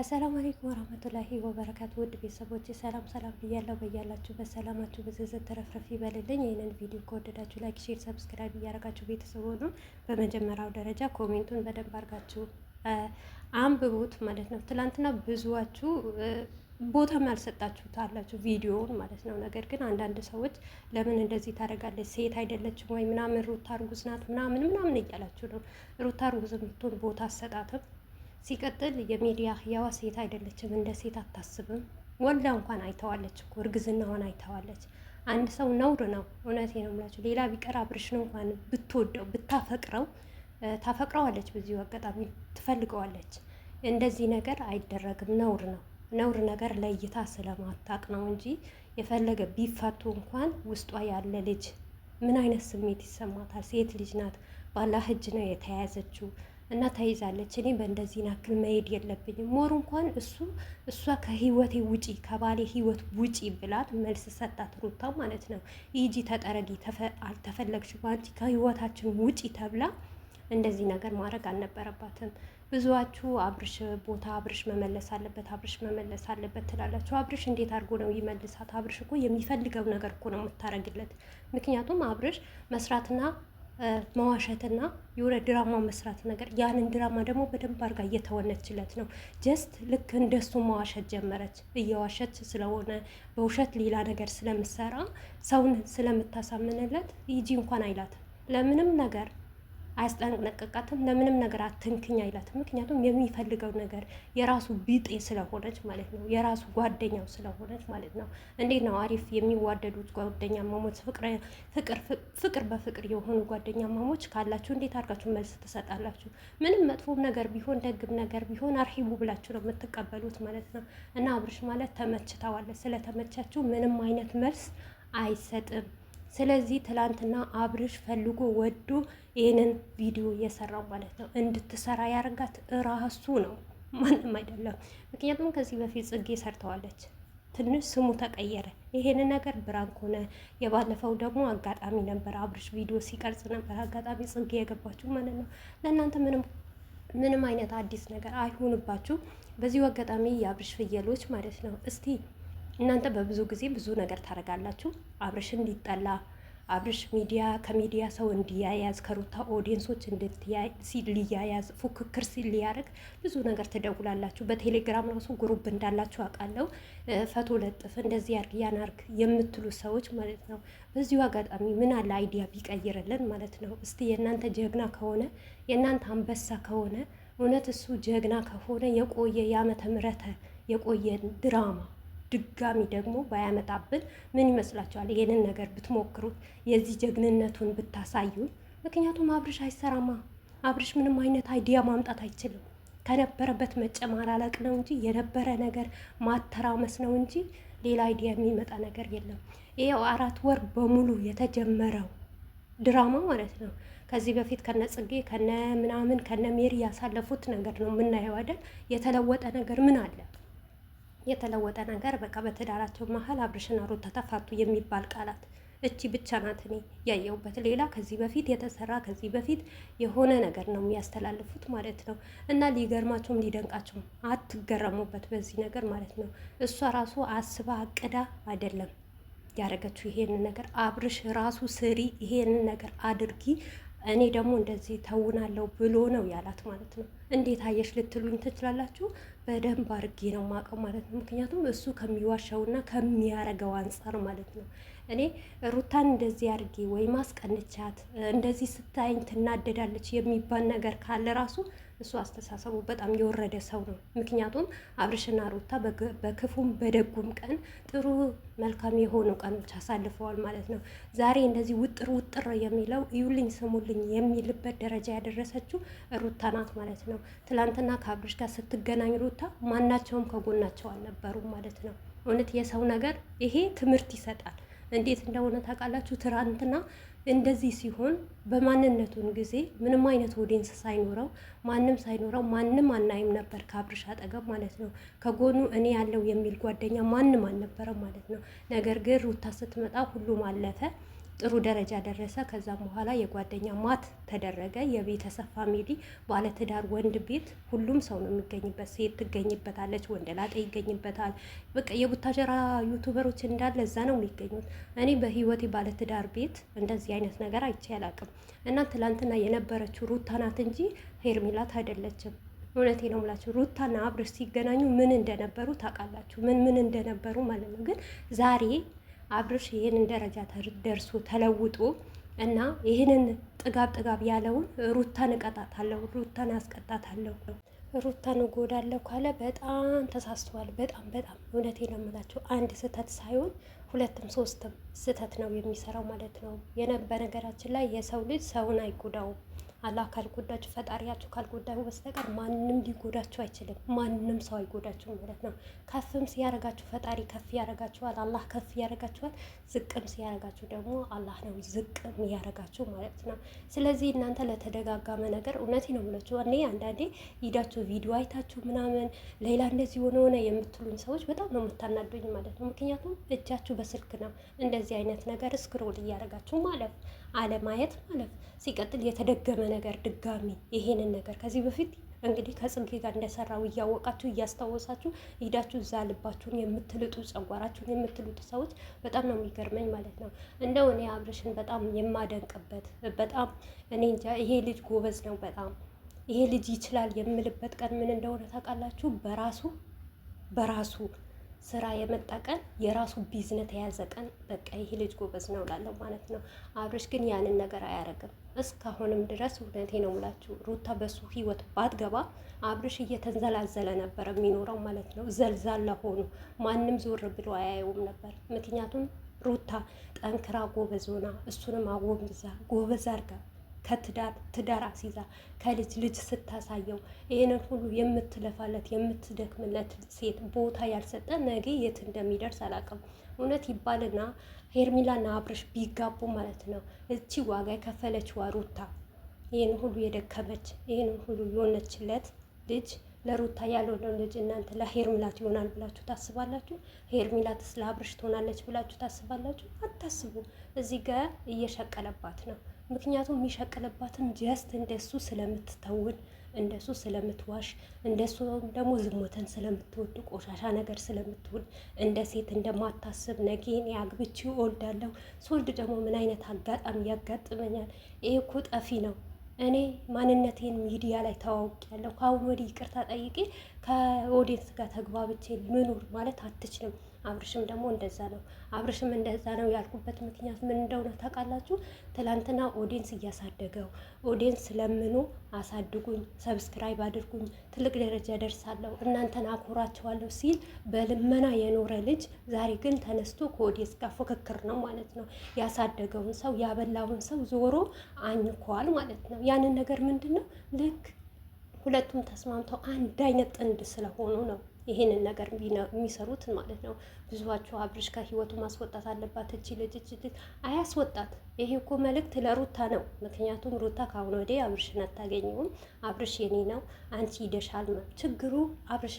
አሰላሙ አለይኩም ወራህመቱላሂ ወበረካቱ ውድ ቤተሰቦች ሰላም ሰላም ብያለሁ። በያላችሁበት በሰላማችሁ በዝዝት ተረፍረፍ ይበልልኝ። ይህንን ቪዲዮ ከወደዳችሁ ላይክ፣ ሼር፣ ሰብስክራይብ እያደረጋችሁ ቤተሰብ ሆኑ። በመጀመሪያው ደረጃ ኮሜንቱን በደንብ አድርጋችሁ አንብቡት ማለት ነው። ትላንትና ብዙዋችሁ ቦታም ያልሰጣችሁት አላችሁ ቪዲዮውን ማለት ነው። ነገር ግን አንዳንድ ሰዎች ለምን እንደዚህ ታደርጋለች ሴት አይደለችም ወይ ምናምን ሩታ እርጉዝ ናት ምናምን ምናምን እያላችሁ ነው። ሩታ እርጉዝ የምትሆን ቦታ አሰጣትም ሲቀጥል የሚዲያ ህያዋ ሴት አይደለችም፣ እንደ ሴት አታስብም። ወልዳ እንኳን አይተዋለች እኮ እርግዝናዋን አይተዋለች። አንድ ሰው ነውር ነው። እውነቴ ነው የምላቸው። ሌላ ቢቀር አብርሽን እንኳን ብትወደው ብታፈቅረው ታፈቅረዋለች፣ በዚሁ አጋጣሚ ትፈልገዋለች። እንደዚህ ነገር አይደረግም፣ ነውር ነው። ነውር ነገር ለይታ ስለማታቅ ነው እንጂ የፈለገ ቢፋቱ እንኳን ውስጧ ያለ ልጅ ምን አይነት ስሜት ይሰማታል? ሴት ልጅ ናት፣ ባላህ እጅ ነው የተያያዘችው። እና ተይዛለች። እኔ በእንደዚህ ናክል መሄድ የለብኝም ሞር እንኳን እሱ እሷ ከህይወቴ ውጪ ከባሌ ህይወት ውጪ ብላት መልስ ሰጣት ሩታ ማለት ነው። ይጂ ተጠረጊ፣ አልተፈለግሽም አንቺ ከህይወታችን ውጪ ተብላ እንደዚህ ነገር ማድረግ አልነበረባትም። ብዙዋችሁ አብርሽ ቦታ አብርሽ መመለስ አለበት አብርሽ መመለስ አለበት ትላላችሁ። አብርሽ እንዴት አድርጎ ነው ይመልሳት? አብርሽ እኮ የሚፈልገው ነገር እኮ ነው የምታረግለት። ምክንያቱም አብርሽ መስራትና መዋሸትና የሆነ ድራማ መስራት ነገር ያንን ድራማ ደግሞ በደንብ አርጋ እየተወነችለት ነው። ጀስት ልክ እንደሱ መዋሸት ጀመረች። እየዋሸች ስለሆነ በውሸት ሌላ ነገር ስለምሰራ ሰውን ስለምታሳምንለት ይጂ እንኳን አይላትም። ለምንም ነገር አያስጠነቅቃትም። ለምንም ነገር አትንክኝ አይላትም። ምክንያቱም የሚፈልገው ነገር የራሱ ቢጤ ስለሆነች ማለት ነው፣ የራሱ ጓደኛው ስለሆነች ማለት ነው። እንዴት ነው አሪፍ የሚዋደዱት ጓደኛ ማሞች፣ ፍቅር በፍቅር የሆኑ ጓደኛ ማሞች ካላችሁ እንዴት አድርጋችሁ መልስ ትሰጣላችሁ? ምንም መጥፎም ነገር ቢሆን ደግም ነገር ቢሆን አርሂቡ ብላችሁ ነው የምትቀበሉት ማለት ነው። እና አብርሽ ማለት ተመችተዋለ። ስለተመቻችሁ ምንም አይነት መልስ አይሰጥም። ስለዚህ ትላንትና አብርሽ ፈልጎ ወዶ ይህንን ቪዲዮ የሰራው ማለት ነው። እንድትሰራ ያደርጋት እራሱ ነው፣ ማንም አይደለም። ምክንያቱም ከዚህ በፊት ጽጌ ሰርተዋለች፣ ትንሽ ስሙ ተቀየረ። ይሄንን ነገር ብራንክ ሆነ። የባለፈው ደግሞ አጋጣሚ ነበር፣ አብርሽ ቪዲዮ ሲቀርጽ ነበር አጋጣሚ ጽጌ የገባችሁ ማለት ነው። ለእናንተ ምንም ምንም አይነት አዲስ ነገር አይሆንባችሁ። በዚሁ አጋጣሚ የአብርሽ ፍየሎች ማለት ነው እስቲ እናንተ በብዙ ጊዜ ብዙ ነገር ታደርጋላችሁ። አብርሽ እንዲጠላ አብርሽ ሚዲያ ከሚዲያ ሰው እንዲያያዝ ከሩታ ኦዲየንሶች ሊያያዝ ፉክክር ሲል ሊያደርግ ብዙ ነገር ትደውላላችሁ። በቴሌግራም ራሱ ግሩፕ እንዳላችሁ አውቃለሁ። ፈቶ ለጥፍ እንደዚህ ያርግ ያናርግ የምትሉ ሰዎች ማለት ነው። በዚሁ አጋጣሚ ምን አለ አይዲያ ቢቀይርልን ማለት ነው። እስቲ የእናንተ ጀግና ከሆነ የእናንተ አንበሳ ከሆነ እውነት እሱ ጀግና ከሆነ የቆየ የዓመተ ምሕረት የቆየ ድራማ ድጋሚ ደግሞ ባያመጣብን ምን ይመስላችኋል? ይሄንን ነገር ብትሞክሩት የዚህ ጀግንነቱን ብታሳዩን። ምክንያቱም አብርሽ አይሰራማ። አብርሽ ምንም አይነት አይዲያ ማምጣት አይችልም። ከነበረበት መጨማላለቅ ነው እንጂ የነበረ ነገር ማተራመስ ነው እንጂ ሌላ አይዲያ የሚመጣ ነገር የለም። ይሄው አራት ወር በሙሉ የተጀመረው ድራማ ማለት ነው። ከዚህ በፊት ከነ ጽጌ ከነ ምናምን ከነ ሜሪ ያሳለፉት ነገር ነው የምናየው አይደል? የተለወጠ ነገር ምን አለ? የተለወጠ ነገር በቃ በትዳራቸው መሀል አብርሽና ሩታ ተፋቱ የሚባል ቃላት እቺ ብቻ ናት እኔ ያየሁበት። ሌላ ከዚህ በፊት የተሰራ ከዚህ በፊት የሆነ ነገር ነው የሚያስተላልፉት ማለት ነው። እና ሊገርማቸውም ሊደንቃቸውም አትገረሙበት በዚህ ነገር ማለት ነው። እሷ ራሱ አስባ አቅዳ አይደለም ያደረገችው ይሄንን ነገር። አብርሽ ራሱ ስሪ፣ ይሄን ነገር አድርጊ፣ እኔ ደግሞ እንደዚህ ተውናለው ብሎ ነው ያላት ማለት ነው። እንዴት አየሽ ልትሉኝ ትችላላችሁ። በደንብ አድርጌ ነው ማቀው ማለት ነው። ምክንያቱም እሱ ከሚዋሻውና ከሚያረገው አንጻር ማለት ነው። እኔ ሩታን እንደዚህ አድርጌ ወይ ማስቀንቻት እንደዚህ ስታይኝ ትናደዳለች የሚባል ነገር ካለ ራሱ እሱ አስተሳሰቡ በጣም የወረደ ሰው ነው። ምክንያቱም አብርሽና ሩታ በክፉም በደጉም ቀን ጥሩ መልካም የሆኑ ቀኖች አሳልፈዋል ማለት ነው። ዛሬ እንደዚህ ውጥር ውጥር የሚለው እዩልኝ ስሙልኝ የሚልበት ደረጃ ያደረሰችው ሩታ ናት ማለት ነው። ትላንትና ከአብርሽ ጋር ስትገናኝ ሩታ ማናቸውም ከጎናቸው አልነበሩም ማለት ነው። እውነት የሰው ነገር ይሄ ትምህርት ይሰጣል። እንዴት እንደሆነ ታውቃላችሁ። ትናንትና እንደዚህ ሲሆን በማንነቱን ጊዜ ምንም አይነት ኦዲንስ ሳይኖረው ማንም ሳይኖረው ማንም አናይም ነበር ከአብርሽ አጠገብ ማለት ነው። ከጎኑ እኔ ያለው የሚል ጓደኛ ማንም አልነበረም ማለት ነው። ነገር ግን ሩታ ስትመጣ ሁሉም አለፈ። ጥሩ ደረጃ ደረሰ። ከዛም በኋላ የጓደኛ ሟት ተደረገ። የቤተሰብ ፋሚሊ፣ ባለትዳር ወንድ ቤት ሁሉም ሰው ነው የሚገኝበት። ሴት ትገኝበታለች፣ ወንደላጤ ይገኝበታል። በቃ የቡታጀራ ዩቱበሮች እንዳለ እዛ ነው የሚገኙት። እኔ በህይወቴ ባለትዳር ቤት እንደዚህ አይነት ነገር አይቼ አላቅም። እና ትላንትና የነበረችው ሩታ ናት እንጂ ሄርሜላት አይደለችም። እውነቴ ነው የምላችሁ ሩታና አብርሽ ሲገናኙ ምን እንደነበሩ ታውቃላችሁ፣ ምን ምን እንደነበሩ ማለት ነው። ግን ዛሬ አብርሽ ይህንን ደረጃ ደርሶ ተለውጦ እና ይህንን ጥጋብ ጥጋብ ያለውን ሩታን እቀጣታለሁ፣ ሩታን አስቀጣታለሁ፣ ሩታን እጎዳለሁ ካለ በጣም ተሳስተዋል። በጣም በጣም እውነቴን ነው የምላቸው አንድ ስህተት ሳይሆን ሁለትም ሶስትም ስህተት ነው የሚሰራው ማለት ነው። በነገራችን ላይ የሰው ልጅ ሰውን አይጎዳውም። አላህ ካልጎዳችሁ ፈጣሪያችሁ ካልጎዳሁ በስተቀር ማንም ሊጎዳችሁ አይችልም። ማንም ሰው አይጎዳችሁ ማለት ነው። ከፍም ሲያደርጋችሁ ፈጣሪ ከፍ ያደርጋችኋል፣ አላህ ከፍ ያደርጋችኋል። ዝቅም ሲያደርጋችሁ ደግሞ አላህ ነው ዝቅም ያደርጋችሁ ማለት ነው። ስለዚህ እናንተ ለተደጋጋመ ነገር እውነት ነው የምላችሁ። እኔ አንዳንዴ ሂዳችሁ ቪዲዮ አይታችሁ ምናምን ሌላ እንደዚህ ሆነ ሆነ የምትሉኝ ሰዎች በጣም ነው የምታናዱኝ ማለት ነው። ምክንያቱም እጃችሁ በስልክ ነው እንደዚህ አይነት ነገር ስክሮል እያደረጋችሁ ማለፍ አለማየት ማለፍ። ሲቀጥል የተደገመ ነገር ድጋሚ ይሄንን ነገር ከዚህ በፊት እንግዲህ ከጽጌ ጋር እንደሰራው እያወቃችሁ እያስታወሳችሁ ሂዳችሁ እዛ ልባችሁን የምትልጡ ጸጓራችሁን የምትልጡ ሰዎች በጣም ነው የሚገርመኝ ማለት ነው። እንደው እኔ አብርሽን በጣም የማደንቅበት በጣም እኔ እንጃ ይሄ ልጅ ጎበዝ ነው በጣም ይሄ ልጅ ይችላል የምልበት ቀን ምን እንደሆነ ታውቃላችሁ? በራሱ በራሱ ስራ የመጣ ቀን የራሱ ቢዝነት የያዘ ቀን በቃ ይሄ ልጅ ጎበዝ ነው እላለሁ ማለት ነው። አብርሽ ግን ያንን ነገር አያደረግም እስካሁንም ድረስ እውነቴ ነው ሙላችሁ ሩታ በሱ ህይወት ባትገባ አብርሽ እየተንዘላዘለ ነበር የሚኖረው ማለት ነው። ዘልዛላ ሆኑ፣ ማንም ዞር ብሎ አያየውም ነበር። ምክንያቱም ሩታ ጠንክራ ጎበዝ ሆና እሱንም አጎንብዛ ጎበዝ አድርጋ ከትዳር ትዳር አስይዛ ከልጅ ልጅ ስታሳየው ይህንን ሁሉ የምትለፋለት የምትደክምለት ሴት ቦታ ያልሰጠ ነገ የት እንደሚደርስ አላውቅም። እውነት ይባልና ሄርሚላና አብረሽ ቢጋቡ ማለት ነው እቺ ዋጋ የከፈለችዋ ሩታ ይህን ሁሉ የደከመች ይህን ሁሉ የሆነችለት ልጅ ለሩታ ያልሆነው ልጅ እናንተ ለሄርሚላት ይሆናል ብላችሁ ታስባላችሁ? ሄርሚላትስ ለአብርሽ ትሆናለች ብላችሁ ታስባላችሁ? አታስቡ። እዚህ ጋር እየሸቀለባት ነው። ምክንያቱም የሚሸቅልባትም ጀስት እንደሱ ስለምትተውን እንደሱ ስለምትዋሽ እንደሱ ደግሞ ዝሙትን ስለምትወድ ቆሻሻ ነገር ስለምትውል እንደ ሴት እንደማታስብ ነጌን አግብቼ እወልዳለሁ፣ ሶልድ ደግሞ ምን አይነት አጋጣሚ ያጋጥመኛል? ይህ እኮ ጠፊ ነው። እኔ ማንነቴን ሚዲያ ላይ ያለው ከአሁን ወዲህ ይቅርታ ጠይቄ ከኦዲየንስ ጋር ተግባብቼ ምኑር ማለት አትችልም። አብርሽም ደግሞ እንደዛ ነው። አብርሽም እንደዛ ነው ያልኩበት ምክንያት ምን እንደሆነ ታውቃላችሁ? ትላንትና ኦዲንስ እያሳደገው ኦዲንስ ለምኑ፣ አሳድጉኝ፣ ሰብስክራይብ አድርጉኝ፣ ትልቅ ደረጃ ደርሳለሁ፣ እናንተን አኮራቸዋለሁ ሲል በልመና የኖረ ልጅ ዛሬ ግን ተነስቶ ከኦዲንስ ጋር ፉክክር ነው ማለት ነው። ያሳደገውን ሰው ያበላውን ሰው ዞሮ አኝኳል ማለት ነው። ያንን ነገር ምንድን ነው ልክ ሁለቱም ተስማምተው አንድ አይነት ጥንድ ስለሆኑ ነው ይሄንን ነገር የሚሰሩት ማለት ነው። ብዙዎቹ አብርሽ ከህይወቱ ማስወጣት አለባት እቺ ልጅ ልጅ አያስወጣት። ይሄ እኮ መልእክት ለሩታ ነው። ምክንያቱም ሩታ ከአሁን ወዲህ አብርሽን አታገኘውም። አብርሽ የኔ ነው፣ አንቺ ይደሻል ችግሩ አብርሽ